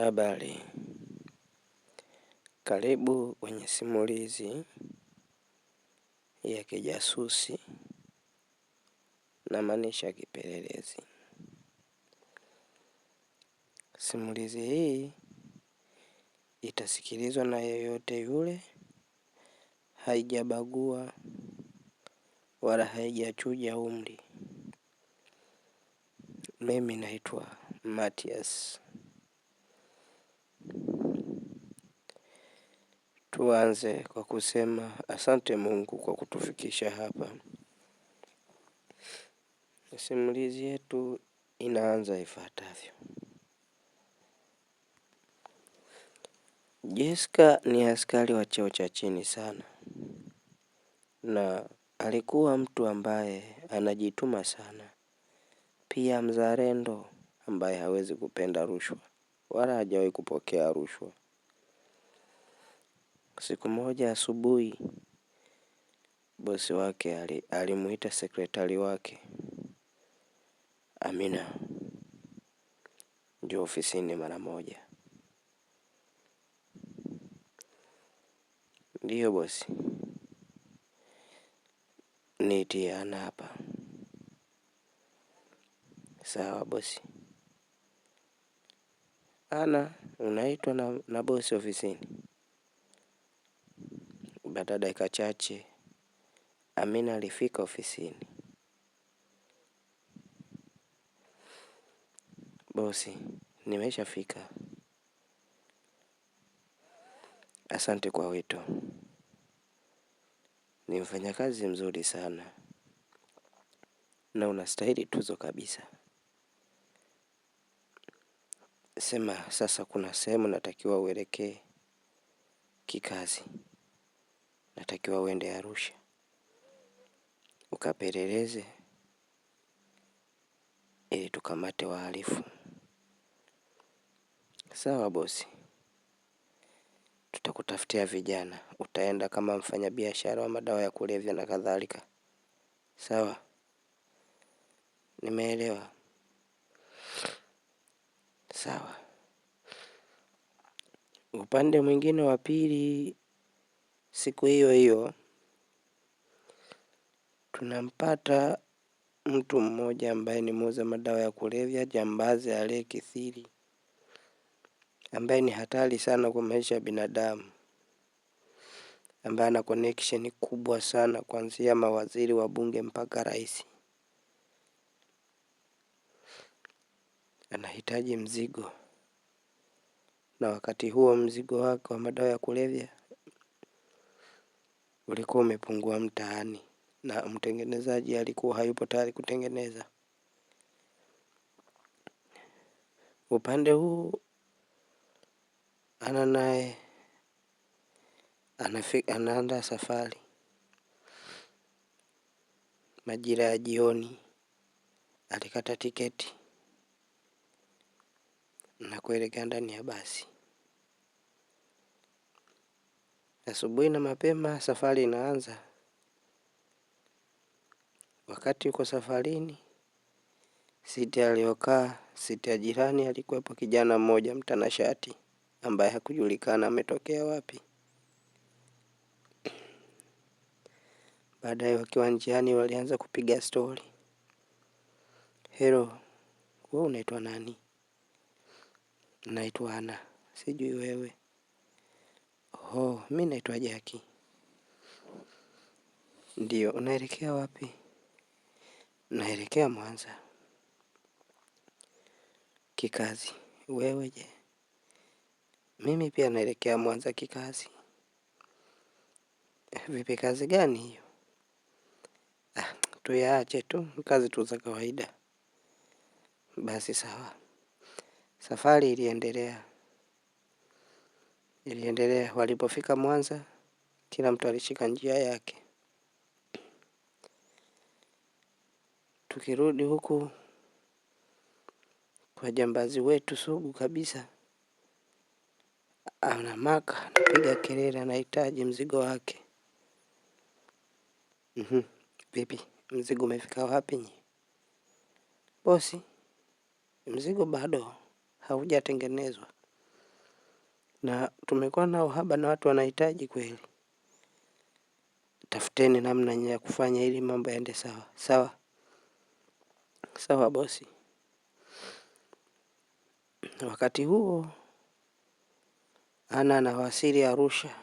Habari, karibu kwenye simulizi ya kijasusi namaanisha kipelelezi. Simulizi hii itasikilizwa na yeyote yule, haijabagua wala haijachuja umri. Mimi naitwa Matias. Tuanze kwa kusema asante Mungu kwa kutufikisha hapa. Simulizi yetu inaanza ifuatavyo. Jessica ni askari wa cheo cha chini sana, na alikuwa mtu ambaye anajituma sana, pia mzalendo ambaye hawezi kupenda rushwa wala hajawahi kupokea rushwa. Siku moja asubuhi, bosi wake alimuita sekretari wake, Amina, njoo ofisini mara moja. Ndiyo bosi, niitie ana hapa. Sawa bosi. Ana, unaitwa na bosi ofisini. Baada ya dakika chache, Amina alifika ofisini. Bosi, nimeshafika. Asante kwa wito. Ni mfanyakazi mzuri sana na unastahili tuzo kabisa. Sema sasa kuna sehemu natakiwa uelekee kikazi unatakiwa uende Arusha ukapeleleze ili tukamate wahalifu. Sawa bosi, tutakutafutia vijana, utaenda kama mfanyabiashara wa madawa ya kulevya na kadhalika. Sawa, nimeelewa. Sawa, upande mwingine wa pili Siku hiyo hiyo tunampata mtu mmoja ambaye ni muuza madawa ya kulevya, jambazi aliyekithiri, ambaye ni hatari sana kwa maisha ya binadamu, ambaye ana connection kubwa sana kuanzia mawaziri, wa bunge mpaka rais. Anahitaji mzigo, na wakati huo mzigo wake wa madawa ya kulevya ulikuwa umepungua mtaani na mtengenezaji alikuwa hayupo tayari kutengeneza. Upande huu Ana naye anaanda safari majira ya jioni, alikata tiketi na kuelekea ndani ya basi. Asubuhi na mapema safari inaanza. Wakati uko safarini, siti aliyokaa siti ya jirani alikuwepo kijana mmoja mtanashati ambaye hakujulikana ametokea wapi. Baadaye wakiwa njiani walianza kupiga stori. Hero, wewe unaitwa nani? Naitwa Ana. Sijui wewe. Ho, mi naitwa Jaki. ndio unaelekea wapi? Naelekea Mwanza. Kikazi, wewe je? Mimi pia naelekea Mwanza kikazi. Vipi kazi gani hiyo? Ah, tuyaache tu, kazi tu za kawaida. Basi sawa. Safari iliendelea. Iliendelea walipofika Mwanza, kila mtu alishika njia yake. Tukirudi huku kwa jambazi wetu sugu kabisa, anamaka anapiga kelele, anahitaji mzigo wake. mm-hmm. Vipi, mzigo umefika wapi nyi? Bosi, mzigo bado haujatengenezwa na tumekuwa na uhaba na watu wanahitaji kweli. Tafuteni namna ya kufanya ili mambo yaende sawa. Sawa. Sawa bosi. Wakati huo Ana anawasili Arusha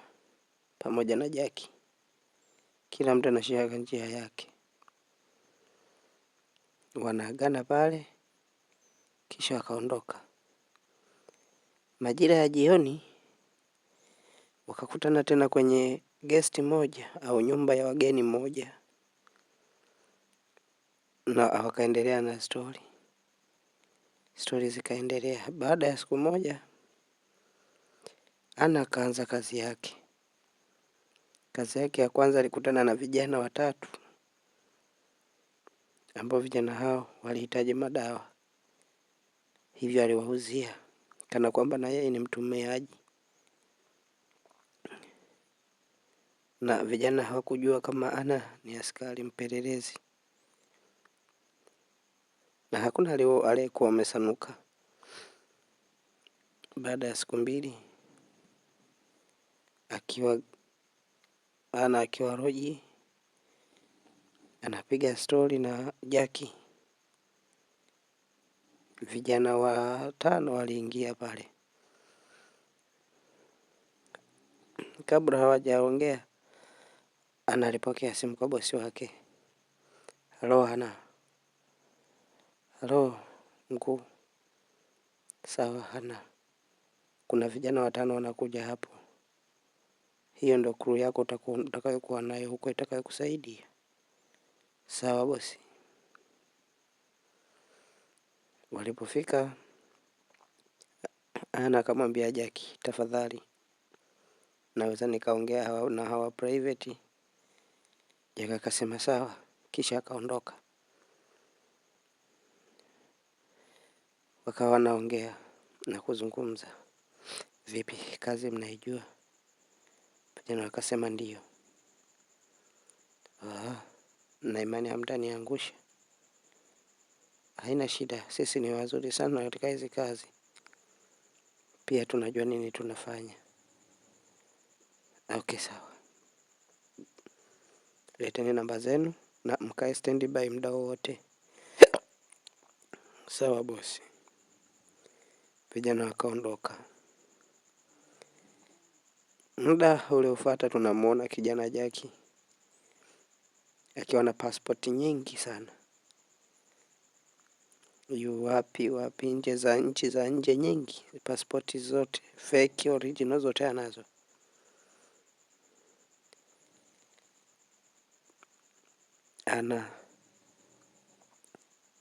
pamoja na Jaki. Kila mtu anashika njia yake. Wanaagana pale kisha wakaondoka. Majira ya jioni wakakutana tena kwenye gesti moja au nyumba ya wageni moja, na wakaendelea na stori. Stori zikaendelea. Baada ya siku moja, Ana akaanza kazi yake. Kazi yake ya kwanza alikutana na vijana watatu ambao vijana hao walihitaji madawa, hivyo aliwauzia kana kwamba na yeye ni mtumiaji, na vijana hawakujua kama Ana ni askari mpelelezi, na hakuna aliyekuwa amesanuka. Baada ya siku mbili, akiwa Ana akiwa roji, anapiga stori na Jackie vijana watano waliingia pale. Kabla hawajaongea, analipokea simu kwa bosi wake. Halo Hana, halo mkuu. Sawa Hana, kuna vijana watano wanakuja hapo, hiyo ndo kru yako utakayokuwa nayo huko itakayokusaidia. Sawa bosi. Walipofika ana akamwambia jaki tafadhali naweza nikaongea na hawa private. Jack akasema sawa, kisha akaondoka. Wakawa wanaongea na kuzungumza, vipi, kazi mnaijua? Vijana wakasema ndio naimani na imani hamtaniangusha? haina shida, sisi ni wazuri sana katika hizi kazi, pia tunajua nini tunafanya. Okay, sawa, leteni namba zenu na mkae standby muda wowote. Sawa bosi. Vijana wakaondoka. Muda uliofuata tunamwona kijana Jaki akiwa na pasipoti nyingi sana yu wapi wapi, nje za nchi za nje nyingi, pasipoti zote fake original zote anazo. Ana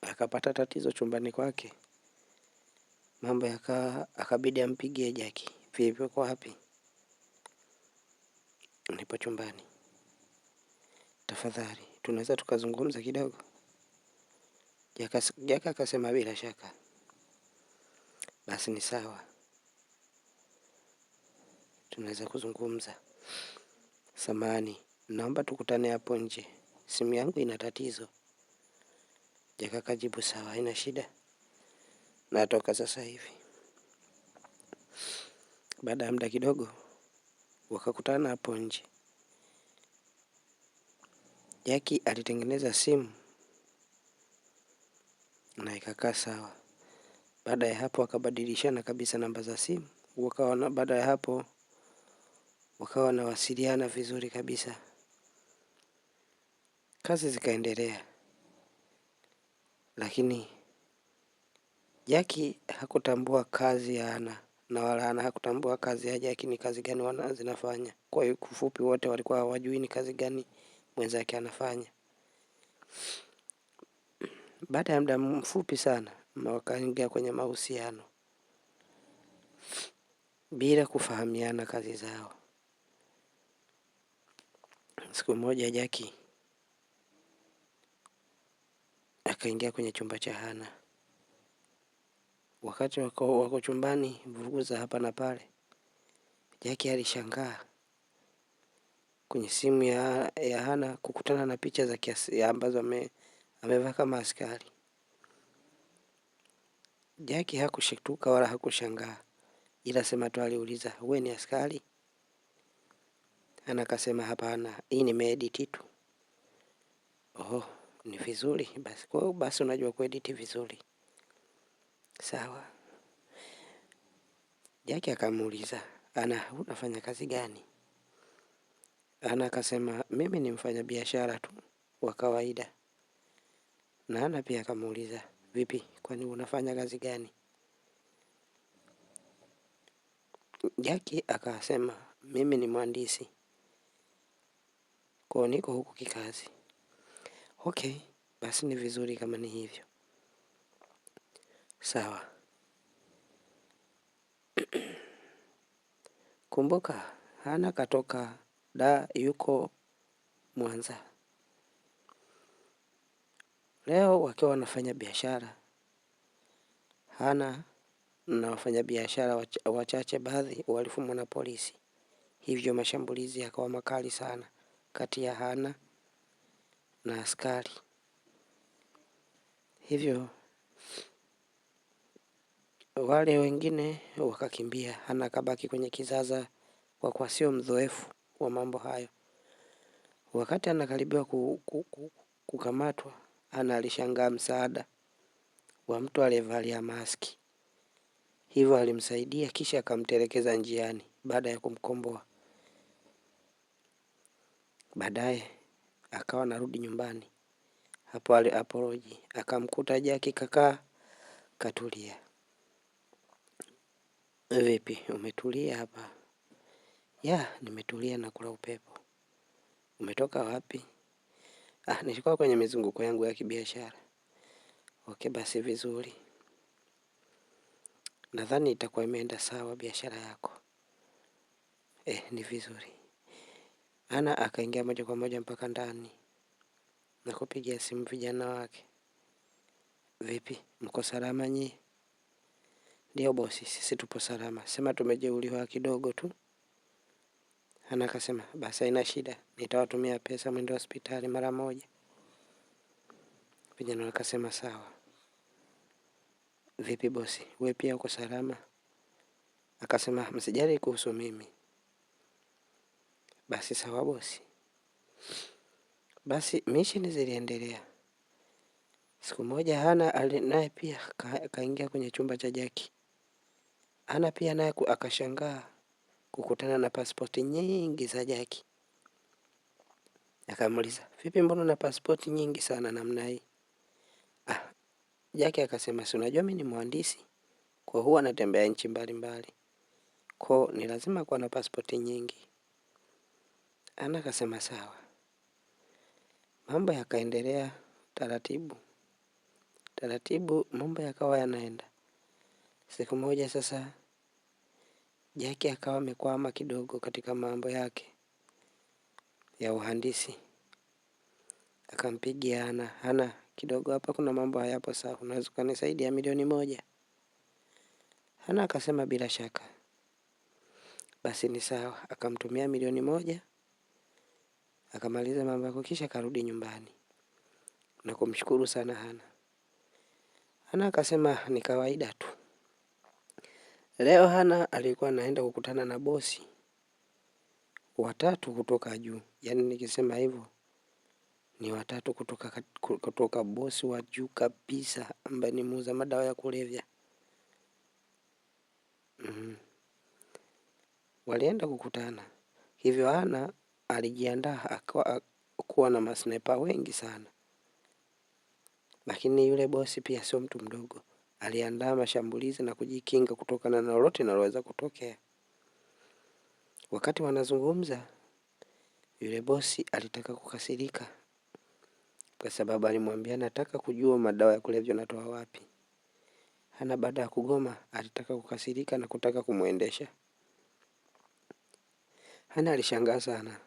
akapata tatizo chumbani kwake, mambo yakaa akabidi ampigie Jaki, vivyo kwa wapi? Nipo chumbani, tafadhali tunaweza tukazungumza kidogo? Jaka akasema bila shaka. Basi ni sawa. Tunaweza kuzungumza. samani naomba tukutane hapo nje. Simu yangu ina tatizo. Jaka kajibu sawa, haina shida. Natoka sasa hivi. Baada ya muda kidogo, wakakutana hapo nje. Jaki alitengeneza simu na ikakaa sawa. Baada ya hapo wakabadilishana kabisa namba za simu, wakawa na baada ya hapo wakawa wanawasiliana vizuri kabisa, kazi zikaendelea. Lakini Jaki hakutambua kazi ya Ana na wala Ana hakutambua kazi ya Jaki ni kazi gani wana zinafanya. Kwa hiyo kufupi, wote walikuwa hawajui ni kazi gani mwenzake anafanya. Baada ya muda mfupi sana wakaingia kwenye mahusiano bila kufahamiana kazi zao. Siku moja Jaki akaingia kwenye chumba cha Hana. Wakati wako, wako chumbani vurugu za hapa na pale, Jaki alishangaa kwenye simu ya, ya Hana kukutana na picha za kiasi ambazo ame amevaa kama askari. Jaki hakushituka wala hakushangaa, ila sema tu aliuliza, wewe ni askari? Ana akasema hapana, hii ni meediti tu. Oh, ni vizuri basi. Kwa basi unajua kuediti vizuri, sawa. Jaki akamuuliza Ana, unafanya kazi gani? Ana akasema mimi ni mfanya biashara tu wa kawaida na ana pia akamuuliza, vipi, kwani unafanya kazi gani? Jaki akasema mimi ni mhandisi kwa niko huku kikazi. Okay, basi ni vizuri kama ni hivyo, sawa. Kumbuka Hana katoka da, yuko Mwanza. Leo wakiwa wanafanya biashara, Hana na wafanyabiashara wachache baadhi walifumwa na polisi, hivyo mashambulizi yakawa makali sana kati ya Hana na askari. Hivyo wale wengine wakakimbia, Hana akabaki kwenye kizaza kwa kuwa sio mzoefu wa mambo hayo. Wakati anakaribiwa kukamatwa, ana alishangaa msaada wa mtu aliyevalia maski, hivyo alimsaidia kisha akamtelekeza njiani baada ya kumkomboa. Baadaye akawa anarudi nyumbani, hapo apoloji akamkuta Jaki kakaa katulia. Vipi, umetulia hapa? Ya, nimetulia na kula upepo. Umetoka wapi? Ah, nilikuwa kwenye mizunguko yangu ya kibiashara. Okay, basi vizuri. Nadhani itakuwa imeenda sawa biashara yako. Eh, ni vizuri. Ana akaingia moja kwa moja mpaka ndani na kupigia simu vijana wake. Vipi, mko salama nyie? Ndio bosi, sisi tupo salama. Sema tumejeuliwa kidogo tu. Ana akasema basi haina shida, nitawatumia pesa mwende hospitali mara moja. Vijana wakasema sawa. Vipi bosi, we pia uko salama? Akasema msijali kuhusu mimi. Basi sawa bosi. Basi misheni ziliendelea. Siku moja Hana naye pia akaingia kwenye chumba cha Jaki. Hana pia naye akashangaa kukutana na pasipoti nyingi za Jaki. Akamuuliza, vipi, mbona na pasipoti nyingi sana namna hii? Ah, Jaki akasema, si unajua mimi ni mhandisi, kwa huwa natembea nchi mbalimbali, kwa ni lazima kuwa na pasipoti nyingi. Ana akasema sawa. Mambo yakaendelea taratibu taratibu, mambo yakawa yanaenda. Siku moja sasa Jackie akawa amekwama kidogo katika mambo yake ya uhandisi. Akampigia Hana, Hana, kidogo hapa kuna mambo hayapo sawa, unaweza kunisaidia milioni moja? Hana akasema bila shaka, basi ni sawa. Akamtumia milioni moja, akamaliza mambo yako, kisha akarudi nyumbani na kumshukuru sana Hana. Hana akasema ni kawaida tu. Leo Hana alikuwa anaenda kukutana na bosi watatu kutoka juu, yaani nikisema hivyo ni watatu kutoka, kutoka bosi wa juu kabisa ambaye ni muuza madawa ya kulevya. Mm. Walienda kukutana, hivyo Hana alijiandaa kuwa na masnaipa wengi sana, lakini yule bosi pia sio mtu mdogo, aliandaa mashambulizi na kujikinga kutokana na lolote linaloweza kutokea. Wakati wanazungumza, yule bosi alitaka kukasirika kwa sababu alimwambia nataka kujua madawa ya kulevya natoa wapi. Hana baada ya kugoma, alitaka kukasirika na kutaka kumwendesha. Hana alishangaa sana,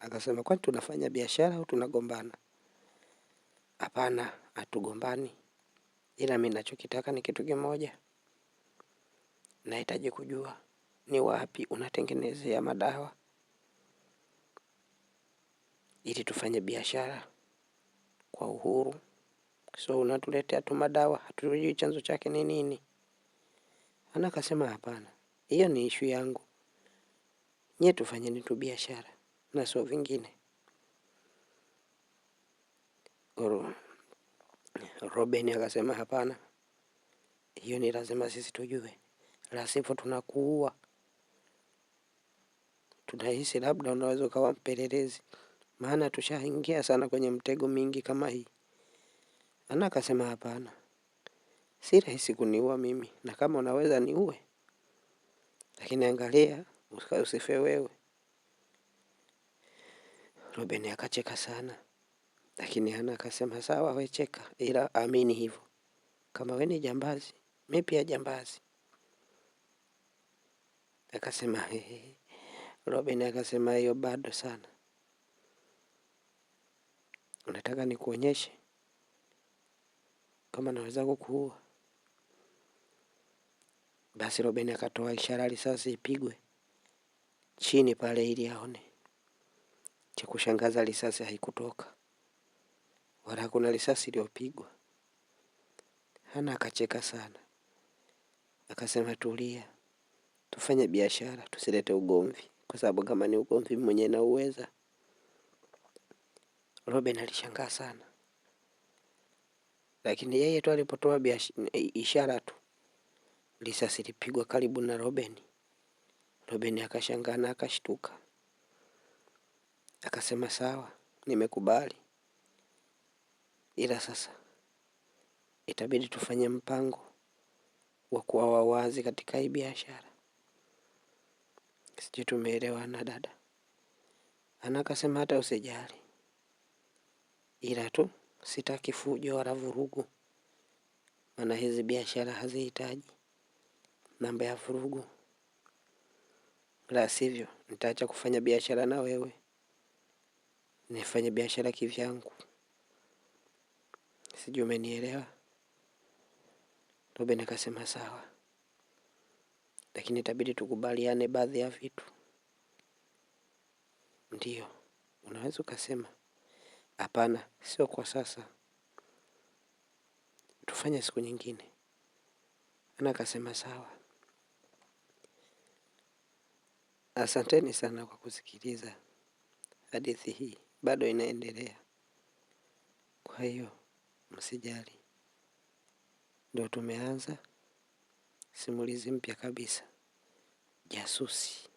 akasema kwani tunafanya biashara au tunagombana? Hapana, hatugombani ila mimi nachokitaka ni kitu kimoja, nahitaji kujua ni wapi unatengenezea madawa ili tufanye biashara kwa uhuru. So unatuletea tu madawa, hatujui chanzo chake ni nini. Ana akasema hapana, hiyo ni ishu yangu, nyie tufanyeni tu biashara na sio vingine Robin akasema hapana, hiyo ni lazima sisi tujue, lasifu tunakuua. Tunahisi labda unaweza ukawa mpelelezi, maana tushaingia sana kwenye mtego mingi kama hii. Ana akasema hapana, si rahisi kuniua mimi, na kama unaweza niue, lakini angalia usife wewe. Robin akacheka sana. Lakini Hana akasema sawa, wecheka ila amini hivyo. Kama we ni jambazi, mi pia jambazi. Akasema Robin akasema hiyo bado sana, unataka nikuonyeshe kama naweza kukuua? Basi Robin akatoa ishara risasi ipigwe chini pale ili aone. Cha kushangaza, risasi haikutoka wala hakuna risasi iliyopigwa. Hana akacheka sana, akasema, tulia, tufanye biashara, tusilete ugomvi, kwa sababu kama ni ugomvi na nauweza. Robin alishangaa sana, lakini yeye tu alipotoa ishara tu risasi ilipigwa karibu na Robin. Robin akashangaa na akashtuka, akasema sawa, nimekubali ila sasa itabidi tufanye mpango wa kuwa wawazi katika hii biashara. Sijui tumeelewana dada? Ana akasema hata usijali, ila tu sitaki fujo wala vurugu, maana hizi biashara hazihitaji mambo ya vurugu, la sivyo nitaacha kufanya biashara na wewe, nifanye biashara kivyangu. Sijui umenielewa. Ruben akasema sawa, lakini itabidi tukubaliane baadhi ya vitu. ndio unaweza ukasema hapana, sio kwa sasa, tufanye siku nyingine. Ana akasema sawa. Asanteni sana kwa kusikiliza hadithi hii, bado inaendelea. Kwa hiyo msijali. Ndio tumeanza simulizi mpya kabisa, jasusi.